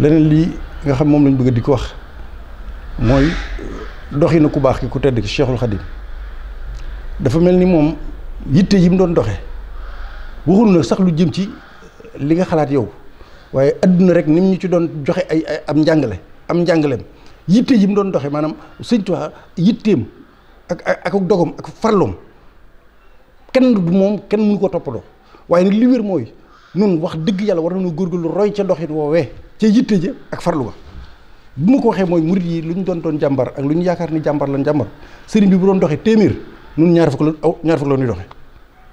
leneen lii nga xam moom lañ bëgg di ko wax mooy euh, doxina ku baax ki ku tedd ki Cheikhul Khadim dafa mel ni moom yitte yi mu doon doxe waxul na sax lu jëm ci li nga xalaat yow waaye àdduna rek nim ñu ci doon joxe ay ay am njàngale am njàngaleem yitte yi mu doon doxe maanaam Sëñ Tuubaa yitteem ak ak dogom ak farloom kenn du moom kenn mënu ko toppatoo waaye nag li wér mooy nun wax dëgg yàlla war nañu góorgóorlu roy ca doxit woowee ca yitte ja ak farlu ba bu ma ko waxee mooy murit yi lu ñu doon doon jàmbar ak lu ñu yaakaar ni jàmbar lan jàmbar sëriñ bi bu doon doxee téeméer nun ñaar fukk la aw ñaar fukk la ñuy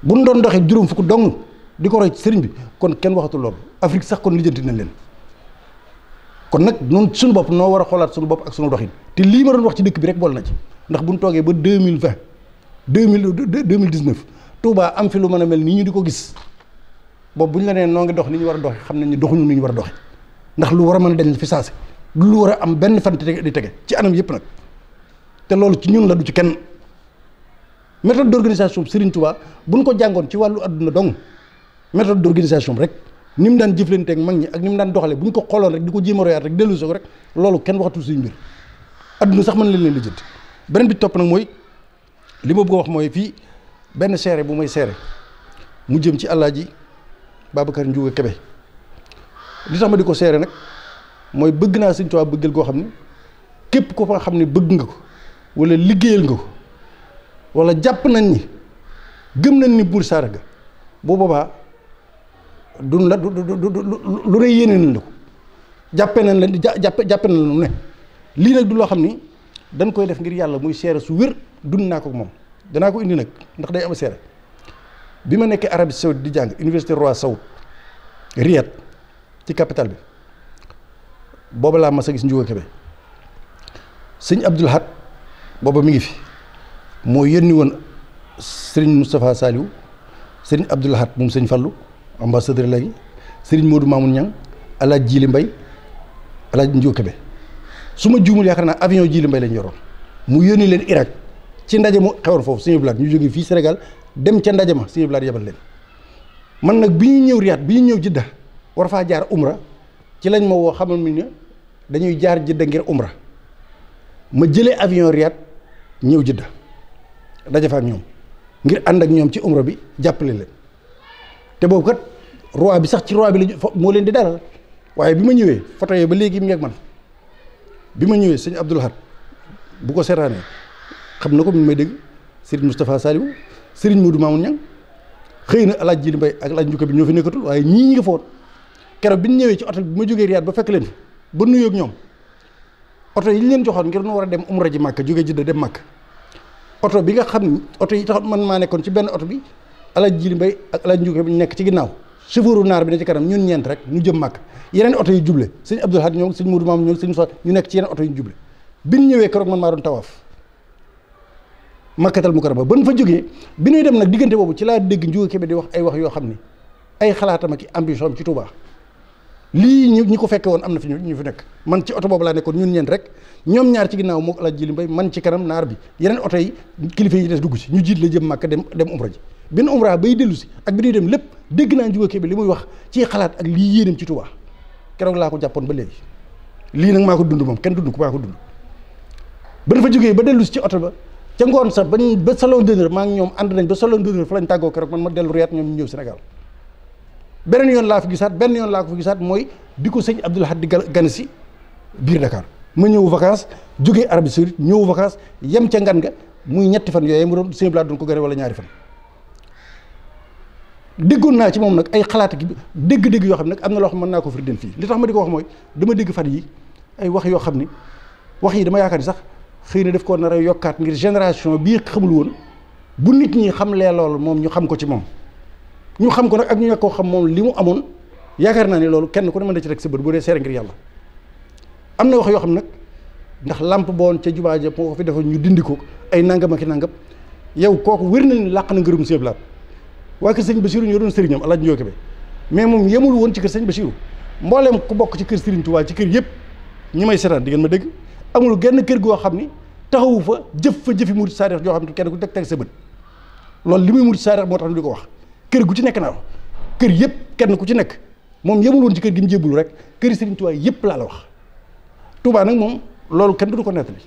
bu ñu doon doxee juróom fukk dong di ko roy ci sëriñ bi kon kenn waxatul loolu Afrique sax kon lijjanti nañ leen kon nag nun suñu bopp noo war a xoolaat suñu bopp ak suñu doxin te lii ma doon wax ci dëkk bi ndax bu ñu toogee ba deux mille vingt deux mille deux di ko gis boobu bu ñu la nee noo ngi dox ni ñu war a doxe xam nañ ne doxuñu ni ñu war a doxe ndax lu war a mën a dañ fi saasi lu war a am benn fan di tege ci anam yëpp nag te loolu ci ñun la du ci kenn méthode d'organisation Serigne bu buñ ko jàngoon ci wàllu adduna dong méthode d'organisation rek ni mu daan jëflanteeg mag ñi ak ni mu daan doxalee bu ñu ko xooloon rek di ko jéem a royaat rek dellu si rek loolu kenn waxatul suñu mbir adduna sax mën leen leen di beneen bi topp nag mooy li ma bëgg wax mooy fii benn seere bu may seere mu jëm ci alaaji Babacar Ndiouga Kébé li tax ma di ko seere nag mooy bëgg naa Sëñ Tuubaa bëggal koo xam ne képp ko fa xam ne bëgg nga ko wala liggéeyal nga ko wala jàpp nañ ni gëm nañ ni buur ga bu boobaa duñ la du du du lu ne yéene nañ la ko jàppe nañ la jàppe jàppe nañ la lu ne lii nag du loo xam ni dañ koy def ngir yàlla muy seere su wér dund naa ko moom danaa ko indi nag ndax day am seere bi ma nekkee Arabie Saoudite di jàng université Roi Saoud Riyad ci capital bi booba laa ma a gis Ndiouga Kébé sëñ Abdul Ahad booba mi ngi fi moo yónni woon sëriñ Moustapha Saliou sëriñ Abdul Ahad moom sëñ Fallou ambassadeur léegi sëriñ Modou Mamoun Niang alaaj Jili Mbay alaaj Ndiouga Kébé su ma juumul yaakaar naa avion Jili Mbay lañ yoroon mu yónni leen Irak ci ndaje mu xewoon foofu sëñ Abdul ñu jógee fii Sénégal dem ca ndaje ma sëñ Abdoulaye yebal leen man nag bi ñuy ñëw riyaat bi ñu ñëw Jidda war faa jaar umra ci lañ ma woo xamal mu ne dañuy jaar Jidda ngir umra ma jëlee avion Riyad ñëw Jidda daje fa ak ñoom ngir ànd ak ñoom ci umra bi jàppale leen te boobu kat roi bi sax ci roi bi la moo leen di dalal waaye bi ma ñëwee photo yi ba léegi mu ngeeg man bi ma ñëwee sëñ Abdoul Ahad bu ko seetaanee xam na ko mi may dégg Serigne Moustapha Saliou Serigne Modou Mamoun Niang xëy na alaaj ji mbay ak alaaj njukka bi ñoo fi nekkatul waaye ñii ñi nga foot keroog bi ñu ñëwee ci hôtel bi ma jógee ba fekk leen fi ba nuyoog ñoom yi leen joxoon ngir nu war a dem umra ji màkk jógee jidda dem màkk oto bi nga xam ni oto yi taxoon man maa nekkoon benn oto bi alaaj ji mbay ak alaaj njukka bi nekk ci ginnaaw chauffeuru naar bi ne ci kanam ñun ñeent ñu jëm màkk yeneen oto yi juble sëñ Abdoul Hadj ñoom sëñ Modou Mamoun ñoom sëñ Moussa ñu nekk ci yeneen oto yi juble bi ñu ñëwee keroog man maa doon tawaaf makkatal mukarrama ban fa jógee bi ñuy dem nag diggante boobu ci laa dégg Ndiouga Kébé di wax ay wax yoo xam ni ay xalaatam ak ambition ci Touba lii ñu ñi ko fekke woon am na fi ñu fi nekk man ci oto boobu laa nekkoon ñun ñeent rek ñoom ñaar ci ginnaaw moo Alaaji Jili Mbay man ci naar bi yeneen oto kilifa yi des dugg si ñu jiit la jëm màkk dem dem benn umra bay dellu si ak bi dem lépp dégg naa Ndiouga Kébé li muy wax ci xalaat ak lii yéenam ci Touba keroog laa ko jàppoon ba léegi lii nag maa ko dund moom kenn dund ku maa ko dund ba fa jógee ba dellu si ci oto ba ca ngoon sax bañ ba salon d'honneur maa ngi ñoom ànd nañ ba salon d'honneur fa lañ tàggoo keroog man ma dellu Riyad ñoom ñu ñëw Sénégal beneen yoon laa fi gisaat benn yoon laa ko fi gisaat mooy di ko sëñ Abdoul Hadj di gan si biir Dakar ma ñëw vacance jógee Arabie Saoudite ñëw vacance yem ca ngan nga muy ñetti fan yooyu mu doon sëñ laa doon ko gane wala ñaari fan déggoon naa ci moom nag ay xalaat gi dégg-dégg yoo xam ne am na loo xam mën naa ko firndeel fii li tax ma ko wax mooy dama dégg fan yi ay wax yoo xam ni wax yi dama yaakaar ni sax xëy na def ko nar a yokkaat ngir génération bii xamul woon bu nit ñi xam xamlee loolu moom ñu xam ko ci moom ñu xam ko nag ak ñu ñàkk koo xam moom li mu amoon yaakaar naa ne loolu kenn ku ne ci rek sa bët bu dee seere ngir am na wax yoo xam nag ndax làmp boon ca jubaa ja moo ko fi defoon dindi ko ay nangam ak i nangam yow kooku wér na ni làq na ngërëm Sëñ Ablaat waa kër sëñ Basiru ñoo doon sëriñam alaaj Njooke bi mais moom yemul woon ci kër sëñ Basiru mbooleem ku bokk ci kër Sëriñ Tuubaa ci kër yëpp ñu may seetaan di ngeen ma dégg amul genn kër goo xam ni taxawu fa jëf fa jëfi mu saadix yoo xam ne kenn ku teg teg sa bët loolu li muy murid saadix moo di ko wax kër gu ci nekk naa kër yëpp kenn ku ci nekk moom yemul ci kër gi mu rek kër Sëriñ Tuubaa yëpp laa la wax Tuubaa nag moom loolu kenn du ko nettali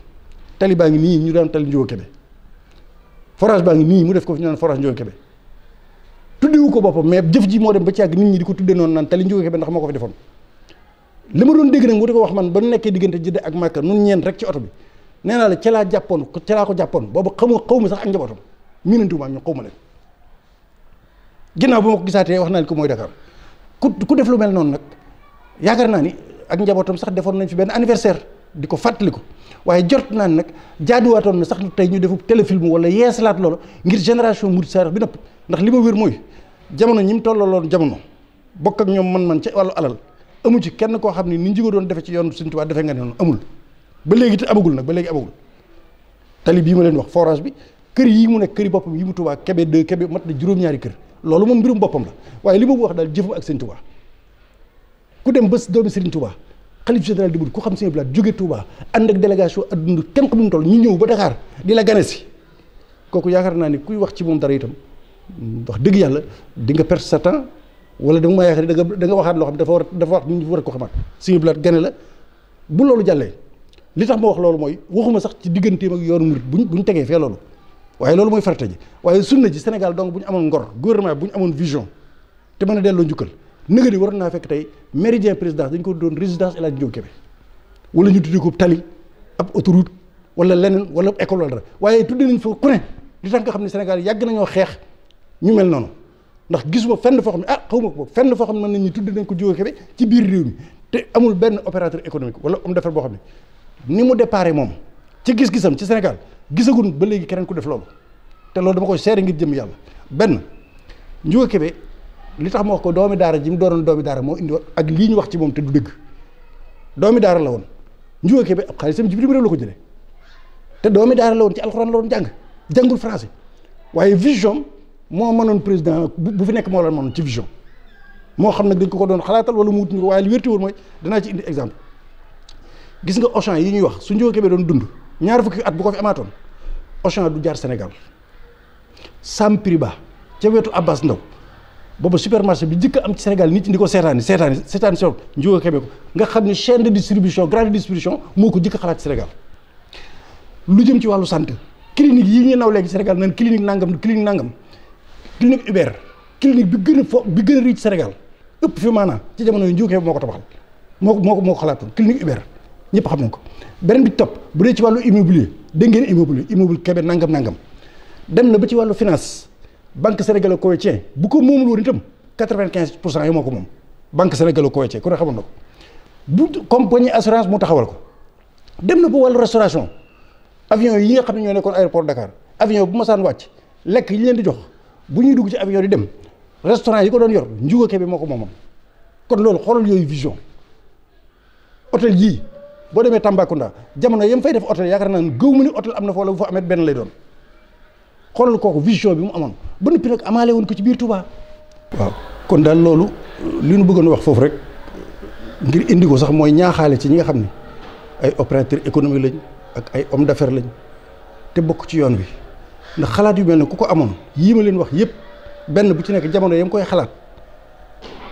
tali baa ngi nii ñu daan tali Njóoba Kebe forage baa ngi nii mu def ko fi ñu naan forage Njóoba Kebe tuddewu ko boppam mais jëf ji moo dem ba ci yàgg nit ñi di ko tudde noonu naan tali Njóoba Kebe ndax moo ko fi defoon li ma doon dégg nag mu di ko wax man ba nekkee diggante Jidda ak Màkka nun ñeen rek ci oto bi nee naa la ca jàppoon ca laa ko jàppoon boobu xamu xaw ma sax ak njabootam miinantuwuma ñu xaw ma leen ginnaaw bu ma ko gisaatee wax naa ko mooy Dakar ku ku def lu mel noonu nag yaakaar naa ni ak njabootam sax defoon nañ fi benn anniversaire di ko fàttali ko waaye jot naa nag jaaduwaatoon na sax tey ñu defu téléfilm wala yeesalaat loolu ngir génération Mouride Sarr bi nëpp ndax li ma wér mooy jamono ñi mu tollaloon jamono bokk ak ñoom man-man ca wàllu alal amu ci kenn koo xam ne ni njigo doon defe ci yoon Sëriñ Tuubaa defe nga ne noonu amul ba léegi te amagul nag ba léegi amagul tali bii ma leen wax forage bi kër yi mu nekk këri boppam yi mu Tuubaa kebe deux kebe mat na juróom-ñaari kër loolu moom mbirum boppam la waaye li ma wax daal jëfam ak Sëriñ Tuubaa ku dem ba doomi Sëriñ Tuubaa xalif général di bud ku xam Sëriñ Blaat jóge Tuubaa ànd ak délégation addund kenn xamuñu toll ñu ñëw ba Dakar di la gane si kooku yaakaar naa ni kuy wax ci moom dara wax dëgg yàlla di nga perte sa temps wala da nga ma da nga da nga waxaat loo xam dafa war dafa wax ñu war a ko xamaat suñu bilaat gane la bu loolu jàllee li tax ma wax loolu mooy waxuma sax ci digganteem ak yoonu murit bu ñu tegee fee loolu waaye loolu mooy farata ji waaye sunna ji Sénégal donc bu ñu amoon ngor gouvernement bu ñu amoon vision te mën a delloo njukkal nëga ni war naa fekk tey méridien présidence dañ ko doon résidence El Hadji Ndiou Kébé wala ñu tuddee ko tali ab autoroute wala leneen wala école wala dara waaye tuddee nañ fa ku ne li nga xam ne Sénégal yàgg nañoo xeex ñu mel noonu ndax gisuma fenn foo xam ne ah xawma ko fenn foo xam ne mën nañu tudd nañ ko Diohine ci biir réew mi te amul benn opérateur économique wala am defar boo xam ne ni mu déparé moom ci gis-gisam ci Sénégal gisagun ba léegi keneen ku def loolu te loolu dama koy seere ngir jëm yàlla benn Ndiouga Kébé li tax ma wax ko doomi daara ji mu doonoon doomi daara moo indi ak lii ñu wax ci moom te du dëgg doomi daara la woon Ndiouga Kébé ab xaalisam ci bitim réew la ko jëlee te doomi daara la woon ci alxuraan la woon jàng jàngul français moo mënoon président bu fi nekk moo la moon ci vision moo xam ne dañ ko ko doon xalaatal wala mu wut ñu waaye li wérti wóor mooy danaa ci indi exemple gis nga Auchan yi ñuy wax su Ndiogou Kébé doon dund ñaar fukki at bu ko fi amaatoon Auchan du jaar Sénégal Sam Ba ca wetu Abbas Ndaw booba supermarché bi njëkk am ci Sénégal nit ñi di ko seetaani seetaani seetaani soo Ndiogou Kébé ko nga xam ne chaîne de distribution moo ko njëkk xalaat Sénégal lu jëm ci wàllu santé clinique yi ñuy naw léegi Sénégal nan clinique nangam clinique nangam clinique Hubert clinique bi gën a fo bi gën a riche Sénégal ëpp fi ci jamono yu njuukee moo ko tabaxal moo moo ko moo ko xalaatoon clinique Hubert ñëpp xam nañ ko beneen bi topp bu dee ci wàllu immobilier dégg ngeen immobilier immobile kebe nangam nangam dem na ba ci wàllu finance banque sénégalo-koweïtienne bu ko moomul woon itam quatre vingt pour cent yi moo ko moom banque sénégalo-koweïtienne ku ne xamoon na ko bu compagnie assurance mu taxawal ko dem na ba wàllu restauration avion yi nga xam ne ñoo nekkoon aéroport Dakar avion bu ma saan wàcc lekk yi leen di jox bu ñuy dugg ci avion di dem restaurant yi ko doon yor Ndiouga bi moo ko moomam kon loolu xoolal yooyu vision hôtel yii boo demee Tambacounda jamono yam fay def hôtel yaakaar naa ne gëw mu ni hôtel am na fa wala bu fa amee benn lay doon xoolal kooku vision bi mu amoon ba noppi nag amaale woon ko ci biir Touba. waaw kon daal loolu li ñu bëggoon wax foofu rek ngir indi ko sax mooy ñaaxaale ci ñi nga xam ne ay opérateur économie lañ ak ay homme d'affaires lañ te bokk ci yoon wi. ndax xalaat yu mel ne ku ko amoon yii ma leen wax yëpp benn bu ci nekk jamono yam koy xalaat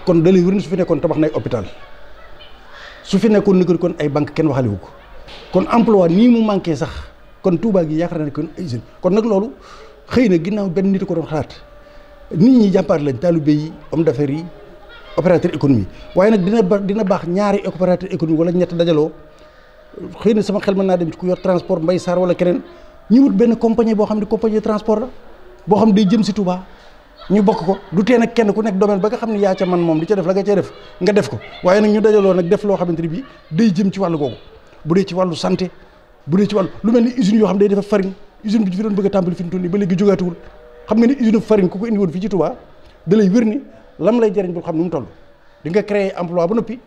kon da lay wér su fi nekkoon tabax nay hôpital su fi nekkoon ni kon ay banque kenn waxalewu ko kon emploi nii mu manqué sax kon Touba gi yaakaar na ne kon ay kon nag loolu xëy na ginnaaw benn nit ko doon xalaat nit ñi jàmbaar lañ taalibe yi homme d'affaires yi opérateur économique waaye nag dina ba dina baax ñaari opérateur économique wala ñett dajaloo xëy na sama xel mën naa dem ci ku yor transport mbay saar wala keneen ñu wut benn compagnie boo xam ne compagnie de transport la boo xam ne day jëm si Touba ñu bokk ko du tee nag kenn ku nekk domaine ba nga xam ne yaa ca man moom di ca def la nga cay def nga def ko waaye nag ñu dajaloo nag def loo xamante ne bii day jëm ci wàllu googu bu bu dee ci lu mel ni usine yoo xam ne day a tàmbali fi ñu toll nii ba léegi jógaatuwul xam nga ni usine farine ku ko indi woon fii ci Touba da lay wér ni lam lay jëriñ xam nu mu toll di nga créer emploi ba noppi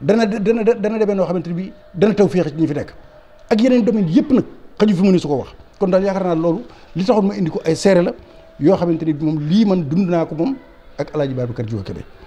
dana dana dana demee noo xamante ne bii dana taw féex ci ñu fi nekk ak yeneen domaine yëpp nag xaju fi mu ne su ko wax kon daal yaakaar naa loolu li taxoon ma indi ko ay seere la yoo xamante ni moom lii man dund naa ko moom ak El Hadj Babacar Diop Kébé